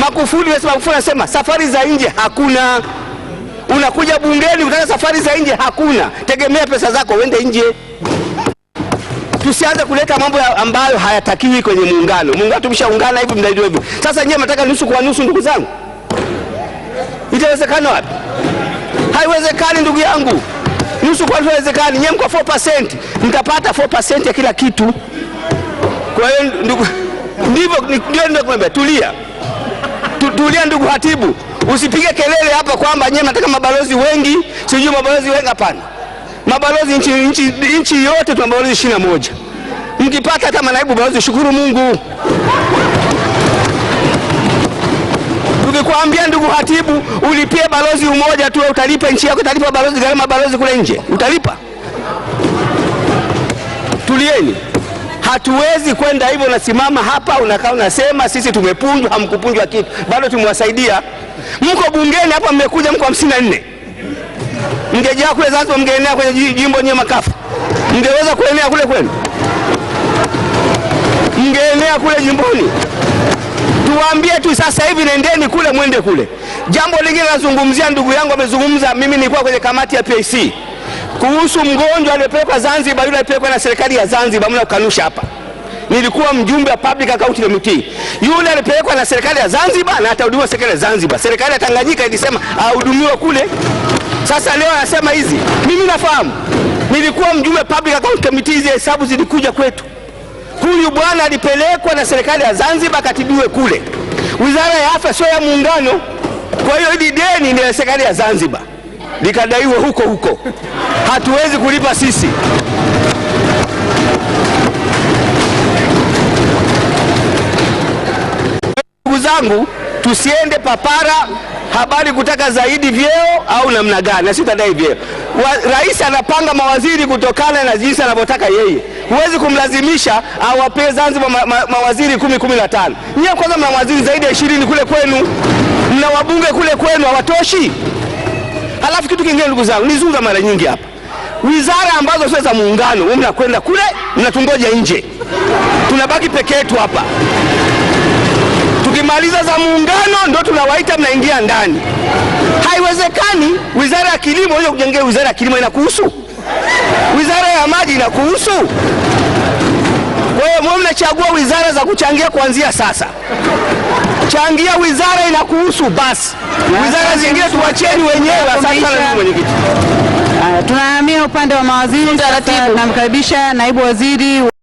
Makufuli anasema Magufuli anasema safari za nje hakuna. Unakuja bungeni unataka safari za nje hakuna, tegemea pesa zako uende nje. Tusianze kuleta mambo ambayo hayatakiwi kwenye muungano. Muungano tumeshaungana hivi, mnaidiwa hivi. Sasa nyewe mnataka nusu kwa nusu, ndugu zangu, itawezekana wapi? Haiwezekani ndugu yangu, nusu kwa nusu haiwezekani. Nyewe mko 4% mtapata 4% ya kila kitu. Kwa hiyo ndugu, ndivyo ndio, ndio tulia tulia ndugu Hatibu, usipige kelele hapa kwamba nyewe nataka mabalozi wengi, sijui mabalozi wengi. Hapana, mabalozi nchi, nchi, nchi yote tuna mabalozi ishirini na moja. Mkipata hata manaibu balozi, shukuru Mungu. Tukikwambia ndugu Hatibu, ulipie balozi umoja tu, utalipa nchi yako, utalipa balozi gharama balozi kule nje, utalipa. Tulieni. Hatuwezi kwenda hivyo, nasimama hapa unakaa unasema sisi tumepunjwa. Hamkupunjwa kitu, bado tumewasaidia. Mko bungeni hapa, mmekuja mko hamsini na nne, mngejaa kule Zanzibar, mngeenea kwenye jimbo nyewe makafu, mngeweza kuenea kule kwenu, mngeenea kule jimboni. Tuwaambie tu sasa hivi, nendeni kule, mwende kule. Jambo lingine nazungumzia, ndugu yangu amezungumza, mimi nilikuwa kwenye kamati ya PAC kuhusu mgonjwa aliyepelekwa Zanzibar, yule alipelekwa na serikali ya Zanzibar, mna kukanusha hapa. Nilikuwa mjumbe wa public account committee, yule alipelekwa na serikali ya Zanzibar na atahudumiwa serikali ya Zanzibar. Serikali ya Tanganyika ilisema ahudumiwe kule. Sasa leo anasema hizi, mimi nafahamu, nilikuwa mjumbe public account committee, hizi hesabu zilikuja kwetu. Huyu bwana alipelekwa na serikali ya Zanzibar katibiwe kule. Wizara ya afya sio ya muungano, kwa hiyo hili deni ni la serikali ya Zanzibar likadaiwe huko huko, hatuwezi kulipa sisi. Ndugu zangu, tusiende papara habari kutaka zaidi vyeo au namna gani, na sitadai vyeo. Rais anapanga mawaziri kutokana na jinsi anavyotaka yeye. Huwezi kumlazimisha awapee Zanzibar ma, ma, mawaziri kumi kumi na tano. Nyiye kwanza mna mawaziri zaidi ya ishirini kule kwenu, mna wabunge kule kwenu, hawatoshi. Halafu kitu kingine, ndugu zangu, nizungumza mara nyingi hapa, wizara ambazo sio za muungano, wewe mnakwenda kule mnatungoja nje, tunabaki peke yetu hapa. Tukimaliza za muungano ndio tunawaita mnaingia ndani. Haiwezekani wizara ya kilimo iweze kujengea wizara ya kilimo inakuhusu, wizara ya maji inakuhusu. Kwa hiyo mwe mnachagua wizara za kuchangia kuanzia sasa changia wizara inakuhusu basi, wizara zingine tuwacheni wenyewe. Asante mwenyekiti. Tunahamia upande wa mawaziri. Namkaribisha naibu waziri